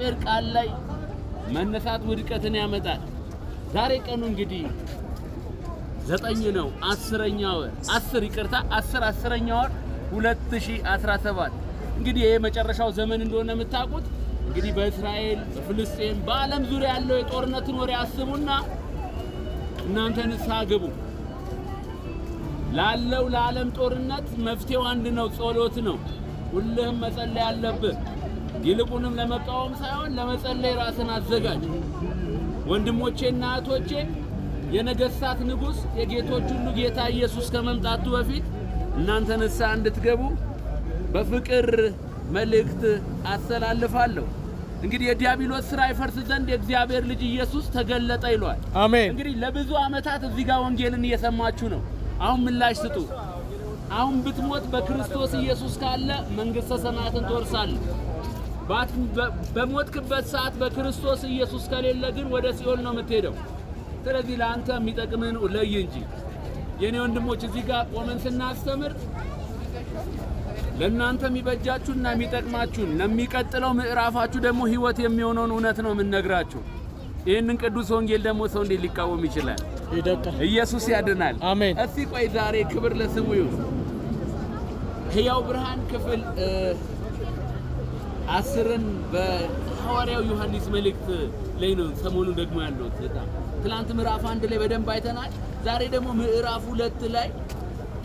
በእግዚአብሔር ቃል ላይ መነሳት ውድቀትን ያመጣል። ዛሬ ቀኑ እንግዲህ ዘጠኝ ነው። አስረኛ ወር አስር ይቅርታ አስር አስረኛ ወር 2017 እንግዲህ ይሄ መጨረሻው ዘመን እንደሆነ የምታውቁት እንግዲህ በእስራኤል በፍልስጤም በዓለም ዙሪያ ያለው የጦርነትን ወሬ አስቡና እናንተ ንስሐ ግቡ። ላለው ለዓለም ጦርነት መፍትሄው አንድ ነው፣ ጸሎት ነው። ሁልህም መጸለይ አለብህ። ይልቁንም ለመቃወም ሳይሆን ለመጸለይ ራስን አዘጋጅ። ወንድሞቼና እህቶቼ የነገሥታት ንጉስ የጌቶች ሁሉ ጌታ ኢየሱስ ከመምጣቱ በፊት እናንተ ንስሐ እንድትገቡ በፍቅር መልእክት አስተላልፋለሁ። እንግዲህ የዲያብሎስ ስራ ይፈርስ ዘንድ የእግዚአብሔር ልጅ ኢየሱስ ተገለጠ ይሏል። አሜን። እንግዲህ ለብዙ ዓመታት እዚህ ጋር ወንጌልን እየሰማችሁ ነው። አሁን ምላሽ ስጡ። አሁን ብትሞት በክርስቶስ ኢየሱስ ካለ መንግሥተ ሰማያትን ትወርሳለህ። በሞትክበት ሰዓት በክርስቶስ ኢየሱስ ከሌለ ግን ወደ ሲኦል ነው የምትሄደው። ስለዚህ ለአንተ የሚጠቅምን ለይ እንጂ የኔ ወንድሞች፣ እዚህ ጋር ቆመን ስናስተምር ለእናንተ የሚበጃችሁና የሚጠቅማችሁን ለሚቀጥለው ምዕራፋችሁ ደግሞ ህይወት የሚሆነውን እውነት ነው የምንነግራችሁ። ይህንን ቅዱስ ወንጌል ደግሞ ሰው እንዴት ሊቃወም ይችላል? ኢየሱስ ያድናል። አሜን። እስቲ ቆይ ዛሬ ክብር ለስሙ ይሁን። ህያው ብርሃን ክፍል አስርን በሐዋርያው ዮሐንስ መልእክት ላይ ነው ሰሞኑን ደግሞ ያለሁት። በጣም ትናንት ምዕራፍ አንድ ላይ በደንብ አይተናል። ዛሬ ደግሞ ምዕራፍ ሁለት ላይ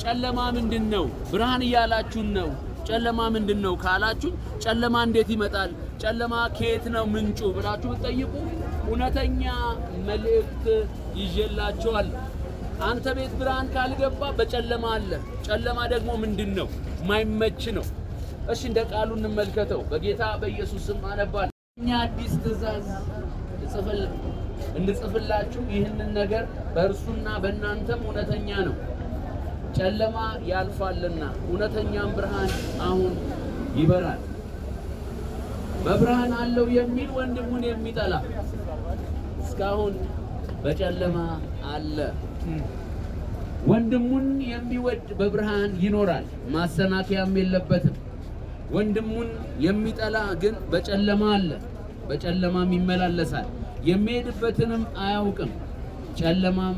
ጨለማ ምንድን ነው? ብርሃን እያላችሁን ነው። ጨለማ ምንድን ነው ካላችሁ፣ ጨለማ እንዴት ይመጣል? ጨለማ ከየት ነው ምንጩ ብላችሁ ብትጠይቁ እውነተኛ መልእክት ይዤላችኋል። አንተ ቤት ብርሃን ካልገባ በጨለማ አለ። ጨለማ ደግሞ ምንድን ነው? ማይመች ነው። እሺ እንደ ቃሉ እንመልከተው። በጌታ በኢየሱስ ስም አነባል። እኛ አዲስ ትእዛዝ እንጽፍላችሁ ይህንን ነገር በእርሱና በእናንተም እውነተኛ ነው። ጨለማ ያልፋልና እውነተኛም ብርሃን አሁን ይበራል። በብርሃን አለው የሚል ወንድሙን የሚጠላ እስካሁን በጨለማ አለ። ወንድሙን የሚወድ በብርሃን ይኖራል፣ ማሰናከያም የለበትም። ወንድሙን የሚጠላ ግን በጨለማ አለ፣ በጨለማም ይመላለሳል፣ የሚሄድበትንም አያውቅም። ጨለማም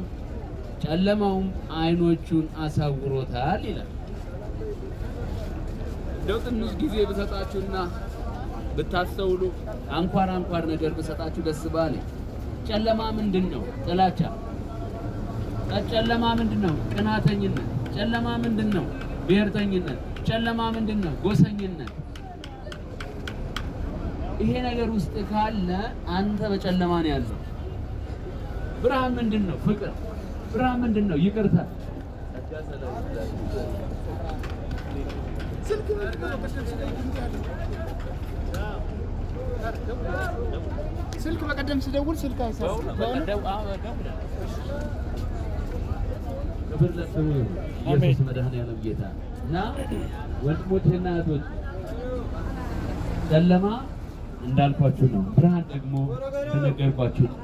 ጨለማውም አይኖቹን አሳውሮታል ይላል። እንደው ትንሽ ጊዜ ብሰጣችሁና ብታስተውሉ አንኳር አንኳር ነገር ብሰጣችሁ ደስ ባለ። ጨለማ ምንድን ነው? ጥላቻ። ጨለማ ምንድን ነው? ቅናተኝነት። ጨለማ ምንድን ነው? ብሔርተኝነት፣ ጨለማ ምንድን ነው? ጎሰኝነት። ይሄ ነገር ውስጥ ካለ አንተ በጨለማ ነው ያለው። ብርሃን ምንድን ነው? ፍቅር። ብርሃን ምንድን ነው? ይቅርታ። ስልክ በቀደም ስደውል ስልክ አይሳስ ክብር ለስሙ ኢየሱስ መድኃኔዓለም ጌታ እና ወንድሞቼና እህቶች ጨለማ እንዳልኳችሁ ነው። ብርሃን ደግሞ እንደነገርኳችሁ ነው።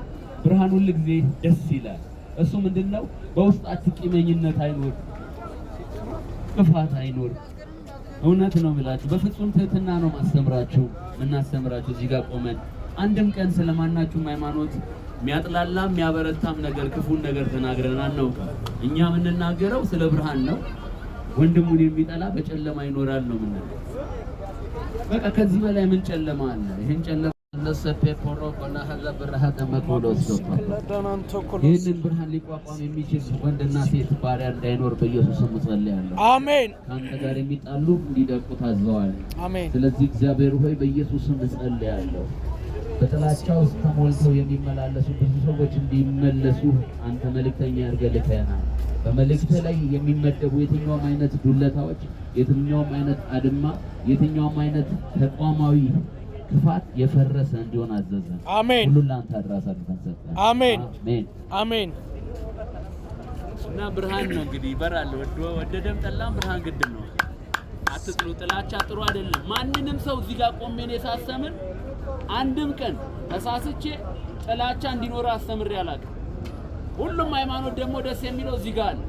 ብርሃን ሁል ጊዜ ደስ ይላል። እሱ ምንድን ነው? በውስጣችሁ ቂመኝነት አይኖር፣ ክፋት አይኖር። እውነት ነው የምላችሁ። በፍጹም ትህትና ነው ማስተምራችሁ እናስተምራችሁ እዚህ ጋር ቆመን አንድም ቀን ስለማናችሁም ሃይማኖት የሚያጥላላ የሚያበረታም ነገር ክፉን ነገር ተናግረን አናውቅም። እኛ የምንናገረው ስለ ብርሃን ነው። ወንድሙን የሚጠላ በጨለማ ይኖራል ነው ምን በቃ ከዚህ በላይ ምን ጨለማ አለ? ይሄን ጨለማ ይህንን ብርሃን ሊቋቋም የሚችል ወንድና ሴት ባሪያ እንዳይኖር በኢየሱስ ስም ጸልያለሁ። አሜን። ከአንተ ጋር የሚጣሉ እንዲደቁ ታዘዋል። አሜን። ስለዚህ እግዚአብሔር ሆይ በኢየሱስ ስም ጸልያለሁ። በጥላቻ ውስጥ ተሞልተው የሚመላለሱ ብዙ ሰዎች እንዲመለሱ አንተ መልእክተኛ አድርገህ ልከህናል። በመልእክት ላይ የሚመደቡ የትኛውም አይነት ዱለታዎች፣ የትኛውም አይነት አድማ፣ የትኛውም አይነት ተቋማዊ ክፋት የፈረሰ እንዲሆን አዘዘ። አሜን። ሁሉን ለአንተ አድራስ አድርገን ሰጠን። አሜን፣ አሜን። እና ብርሃን ነው እንግዲህ ይበራል። ወደደም ጠላም ብርሃን ግድም ነው። አትጥሉ። ጥላቻ ጥሩ አይደለም። ማንንም ሰው እዚህ ጋር ቆሜ ነው የሳሰምን አንድም ቀን ተሳስቼ ጥላቻ እንዲኖር አስተምሬ አላውቅም። ሁሉም ሃይማኖት ደግሞ ደስ የሚለው እዚህ ጋር አለ።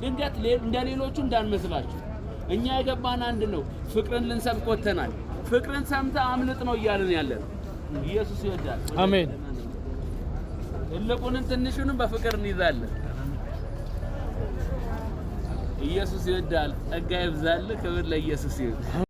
ድንገት እንደ ሌሎቹ እንዳንመስላችሁ እኛ የገባን አንድ ነው። ፍቅርን ልንሰብክ ወጥተናል። ፍቅርን ሰምተ አምልጥ ነው እያልን ያለን ኢየሱስ ይወዳል። አሜን። ትልቁንም ትንሹንም በፍቅር እንይዛለን። ኢየሱስ ይወዳል። ጸጋ ይብዛል። ክብር ለኢየሱስ ይሁን።